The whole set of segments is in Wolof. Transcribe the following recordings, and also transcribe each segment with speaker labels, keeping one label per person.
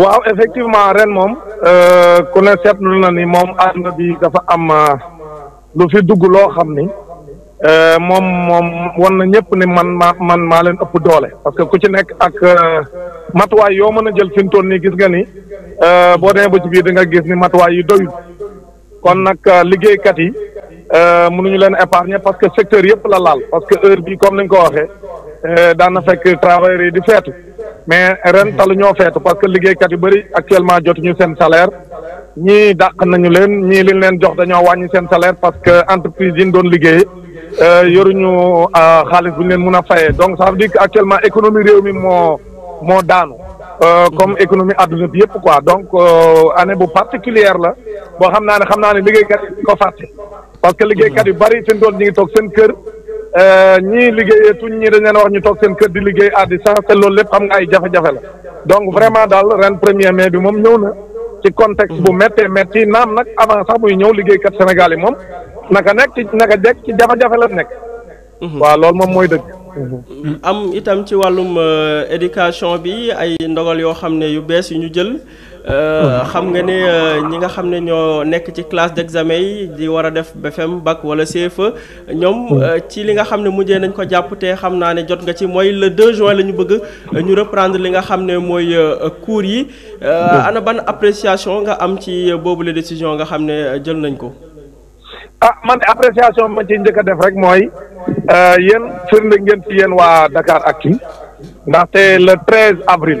Speaker 1: waaw effectivement ren moom euh, ku ne seetlu na ni moom àdduna bi dafa am euh, lu fi dugg loo xam ni euh, moom moom wan na ñëpp ne man ma man maa leen ëpp doole parce que ku ci nekk ak matuwaay yoo mën a jël fi mu toll gis nga ni boo demee ba ci biir da nga gis ni matuwaay yi doyul kon nag liggéeykat yi mënuñu leen épargner parce que secteur yëpp la laal parce que heure bi comme ni nga ko waxee daan na fekk travailleurs yi di feetu. mais ren talu ñoo feetu parce que liggéeykat yu bëri actuellement jotuñu seen salaire ñii dàq nañu leen ñii liñ leen jox dañoo wàññi seen salaire parce que entreprise yi ñu doon liggéey euh, yoruñu euh, xaalis bu ñu leen mun a fayee donc ça veut dire que actuellement économie réew mi moo moo daanu euh, comme économie àdduna bi yëpp quoi donc année bu particulière la boo xam naa ne xam naa ne liggéeykat yi ko fàtte parce que liggéeykat yu bari fi ñu ñi ngi toog seen kër Euh, ñii liggéeyee tuñ ñi dañ leen wax ñu toog seen kër di liggéey à distance te loolu lépp xam nga ay jafe-jafe la donc vraiment daal ren premier mais bi moom ñëw na ci contexte bu méttee métti naam nag avant sax muy ñëw liggéeykat Sénégal yi moom naka nekk ci naka jekk ci jafe-jafe la nekk. Mhm. waaw loolu moom mooy dëgg. am itam ci wàllum euh, éducation bi ay ndogal yoo xam ne yu bees yu ñu jël. Euh, xam nga ne euh, ñi nga xam ne ñoo nekk ci classe d'examen yi di war a def BFEM bak wala CFEE ñoom mm. euh, ci li nga xam ne mujjee nañ ko jàpp te xam naa ne jot nga ci mooy le 2 juin la ñu bëgg ñu reprendre li nga xam ne mooy cours yi mm. ana ban appréciation nga am ci boobu la décision nga xam ne jël nañ ko ah man appréciation ma ci njëkk def rek mooy yéen firnde ngeen ci yéen waa Dakar Actu ndaxte le 13 avril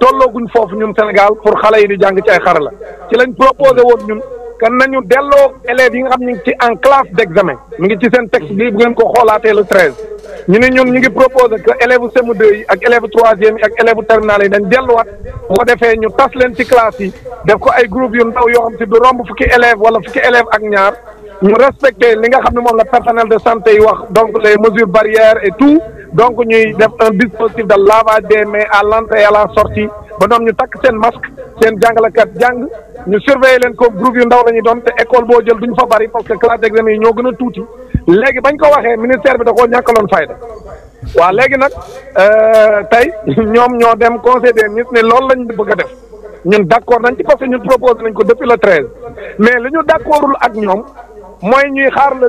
Speaker 1: tollooguñ foofu ñun Sénégal pour xale yi di jàng ci ay xarala ci lañ proposé woon ñun kan nañu delloo élèves yi nga xam ñu ci en classe d' examen mu ngi ci seen texte bi bu ngeen ko xoolaatee le treize. ñu ne ñun ñu ngi proposé que élèves CM2 yi ak élèves troisième yi ak élèves terminale yi dañ delluwaat bu ko defee ñu tas leen ci classe yi def ko ay groupe yu ndaw yoo xam si du romb fukki élève wala fukki élève ak ñaar ñu respecté li nga xam ne moom la personnel de santé yi wax donc les mesures barrières et tout. donc ñuy def un dispositif de lavage des mains à l'entrée et à la sortie ba ñoom ñu takk seen masque seen jàngalekat jàng ñu surveiller leen comme groupe yu ndaw la ñu doon te école boo jël duñ fa bari parce que classe d'examen yi ñoo gën a tuuti léegi bañ ko waxee ministère bi da koo ñàkkaloon fayda waaw léegi nag euh, tey ñoom ñoo dem conseil des nit ne loolu lañ bëgg a def ñun d'accord nañ ci parce que ñun proposé nañ ko depuis le treize mais li ñu d'accordul ak ñoom mooy ñuy xaar le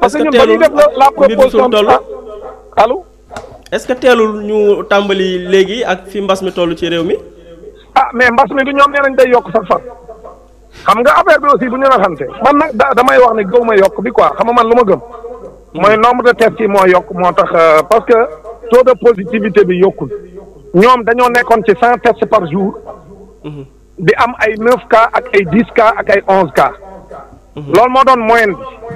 Speaker 1: parce que ñun ba ñuy def la proposition ah. allo. est-ce que ñu tàmbali léegi ak fi mbas mi toll ci réew mi. ah mais mbas mi du ñoom nee nañ day yokk sax sax xam nga affaire bi aussi bu ñu naxante man nag da damay wax ne gëw ma yokk bi quoi xam nga man lu ma gëm. mooy nombre de tests yi moo yokk moo tax euh, parce que taux de positivité bi yokkul ñoom dañoo nekkoon ci cent tests par jour. Mhm. di am ay neuf cas ak ay dix cas ak ay onze cas. loolu moo doon moyenne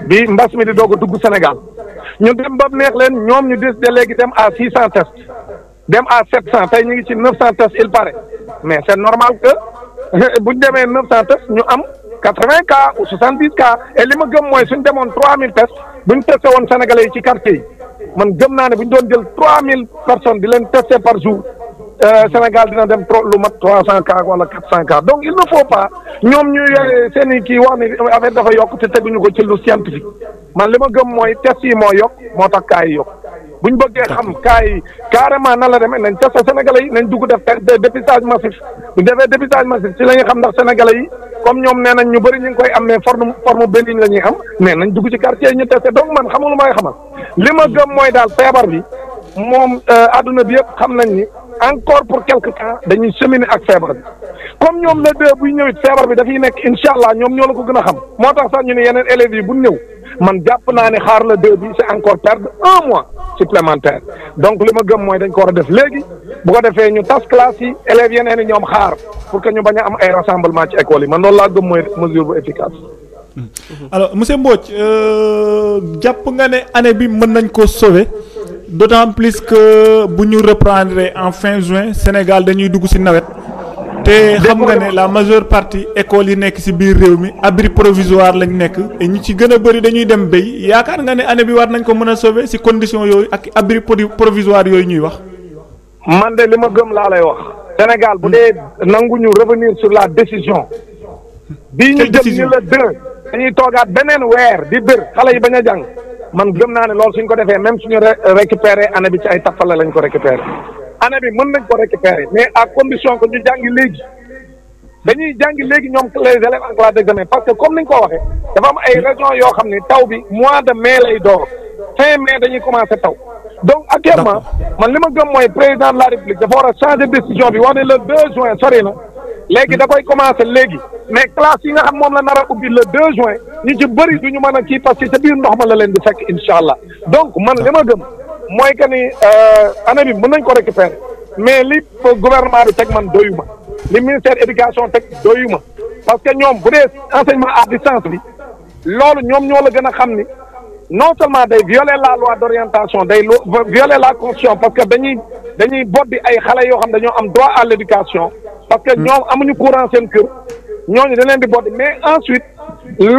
Speaker 1: bi bi mbas mi di doog a dugg Sénégal ñu dem ba neex leen ñoom ñu décidé léegi dem à six cent tests dem à sept cent tey ñu ngi ci neuf cent tests il paraît mais c'est normal que bu ñu demee neuf cent tests ñu am quatre vingt cas ou soixante dix cas et li ma gëm mooy suñ demoon trois mille tests buñ testé woon sénégalais yi ci quartier yi man gëm naa ne bu ñu doon jël trois mille personnes di leen testé par jour Euh, Sénégal dina dem trop lu mat trois cent cas wala quatre cent cas donc il ne faut pas ñoom ñu yore euh, seen i kii wax ni affaire dafa yokk te teguñu ko ci lu scientifique man li ma gëm mooy test yi moo yokk moo tax cas yi bu ñu bëggee xam cas yi carrément nan la demee nañ test Sénégalais yi nañ dugg def dépistage massif bu defee dépistage massif ci la xam ndax Sénégalais yi comme ñoom nee nañ ñu bëri ñu ngi koy am mais forme forme bénigne la ñuy am mais nañ dugg ci quartier yi ñu testé donc man xamul mooy daal feebar bi moom euh, adduna bi yëpp xam nañ ni encore pour quelque temps dañuy cheminer ak fièvre comme ñom le deux bu ñëw fièvre bi dafay nekk incha allah ñoom ñoo la ko gëna xam motax tax sax ñu ne yeneen élèves yi bu ñëw man japp naa ne xaar la deux bi c'est encore perdre un mois supplémentaire donc li ma gëm mooy dañ ko war a def léegi bu ko defee ñu tas classe yi élèves yeneen yi ñoom xaar pour que ñu bañ a am ay rassemblement ci école yi man loolu laa gëm mooy mesure bu efficace. alors monsieur Mbodj euh, jàpp nga ne année bi mën nañ ko sauver d'autant plus que bu ñu en fin juin Sénégal dañuy dugg ci nawet te xam nga ne la majeure partie école yi nekk ci biir réew abri provisoire lañ nekk et ñi ci gën a bëri dañuy dem béy yaakaar nga ne année bi war nañ ko mën a sauver ci condition yooyu ak abri provisoire yooyu ñuy wax. man de li ma gëm la lay wax. Sénégal bu dee nanguñu revenir sur la décision. bii ñu jëm ni la deux dañuy toogaat beneen weer di bir xale yi bañ a man gëm naa ne loolu suñ ko defee même suñu récupéré année bi ci ay tappale lañ ko récupéré année bi mën nañ ko récupéré mais à condition que ñu jàngi léegi dañuy jàngi léegi ñoom les élèves en parce que comme ni nga ko waxee dafa am ay régions yoo xam ne taw bi mois de mai lay door fin mai dañuy commencé taw donc actuellement man li ma gëm mooy président la république dafa war a changer décision bi wax ne le 2 juin sori na léegi da koy commencé léegi mais classe yi nga xam moom la nar a ubbi le 2 juin ñu ci bëri du ñu mën a kii parce que ca biir ndox ma la leen di fekk incha allah donc man li ma gëm mooy que ni euh, année bi mën nañ ko récupérer mais li gouvernement bi teg man doyuma li ministère éducation teg doyuma parce que ñoom bu dee enseignement à distance bi loolu ñoom ñoo la gën a xam ni non seulement day violer la loi d'orientation day violer la constitution parce que dañuy dañuy boddi ay xale yoo xam dañoo am droit à l'éducation parce que hmm. ñoom amuñu courant seen kër ñoñu da leen di botte mais ensuite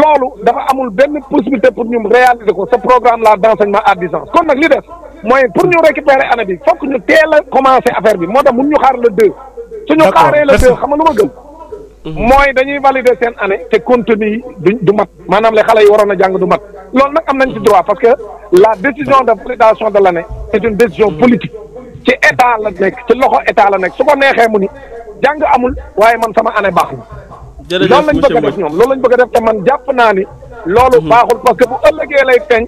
Speaker 1: lolu dafa amul benn possibilité pour ñum réaliser ko ce programme là d'enseignement à distance kon nak li def moy pour ñu récupérer année bi fokk ñu teel a commencé affaire bi moo tax mun ñu xaar le deux. suñu xaaré le deux xam nga lu ma gëm. Mhm. mooy dañuy valider sen année te contenu du mat manam les xalé yi waroon a du mat lolu nak am nañ ci droit parce que la décision de validation de l'année c'est une décision mhm. politique ci état la nek ci loxo état la nek su ko neexee mu ni jang amul waye man sama année baax na
Speaker 2: loolu lañ bëgg a def
Speaker 1: ñoom loolu lañ bëgg def te man jàpp naa ni loolu mhm. baaxul parce que bu ëllëgee lay feeñ